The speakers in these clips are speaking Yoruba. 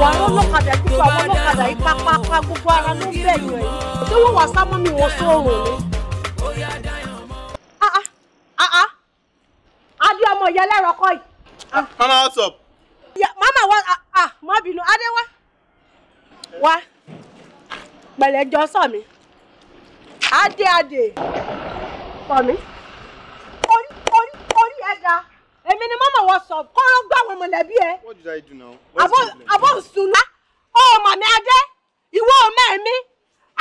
wà àwọn ọlọ́kadà gbogbo àwọn ọlọ́kadà yìí pápápá gbogbo ara ló bẹ̀rù ẹ̀ tí wọ́n wà sámọ́ mi wọ́n sóòrùn ni. Ah, ah, ah, adé ọmọ ìyá ẹlẹ́rọ kọ́ yìí. mama what's up. mama wa má bínú adé wá wá pẹ̀lẹ́ jọ sọ mi adé adé sọ mi orí orí orí ẹ̀ ga èmi ni mama wọ sọ kọ́rọ́ àwọn mọ̀lẹ́bí ẹ. what did I do now. abo nsuna o mami adé ìwọ ọmọ mi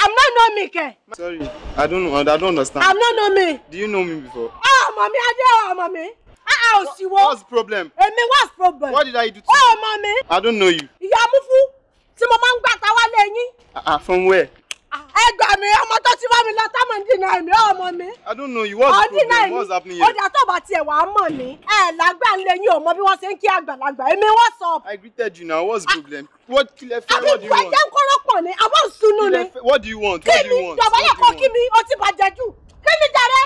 i'm not know me kẹ. sorry i don't know i don't understand. i'm not know me. do you know me before. ọ mami adé ọ mami. a ah, ò sì wọ. what's problem. èmi what's the problem. what did I do to you. ọ mami. i don't know you. ìyá mufu tí mo máa ń gbàtà wálé yín. ah, ah from where mi ọmọ tó ti bá mi lọ táwọn dínà mi ọmọ mi. I don't know you what's going on? what's happening here. ọjà tó bá tiẹ̀ wàá mọ̀ mí ẹ̀ lágbà ńlẹ̀ yín ò mọ bí wọ́n ṣe ń kí àgbàlagbà èmi what's up. I greeted you now what's the problem. what kí fẹ́ what do you want. àbí ìfọ̀jẹ̀ kọ́rọ́pọ̀ ni àbọ̀ sunu ni. what do you want what do you want. kí ni dọ̀bálẹ̀ kọ́ kí mi o ti bàjẹ́ jù kí ni jàre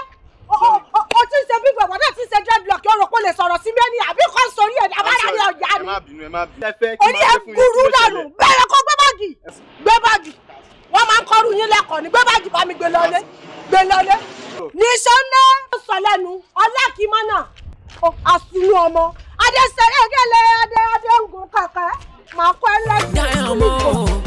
o ti ṣe bí gbọ̀ngàn náà ti ṣe dreadlock yóò rò pé o lè sọ̀rọ̀ sí mẹ́ni àbí kò sórí ẹ̀ abára ni ọ̀yá ni orí ẹ̀ gúrú dànù bẹ́ẹ̀ kọ́ gbé báàgì gbé báàgì yín lẹ́kọ̀ọ́ ni gbé báàgì bá mi gbé lọlé gbé lọlé níṣọ́nà sọ lẹ́nu ọlákìmọ́nà àsùnwó ọmọ adẹ́sẹ̀rẹ́ gẹ́lẹ́ adé adé ń gun kàkẹ́ màá kọ́ ẹ lẹ́sẹ̀